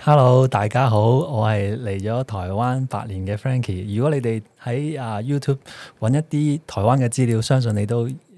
Hello，大家好，我係嚟咗台灣八年嘅 Franky。如果你哋喺啊 YouTube 揾一啲台灣嘅資料，相信你都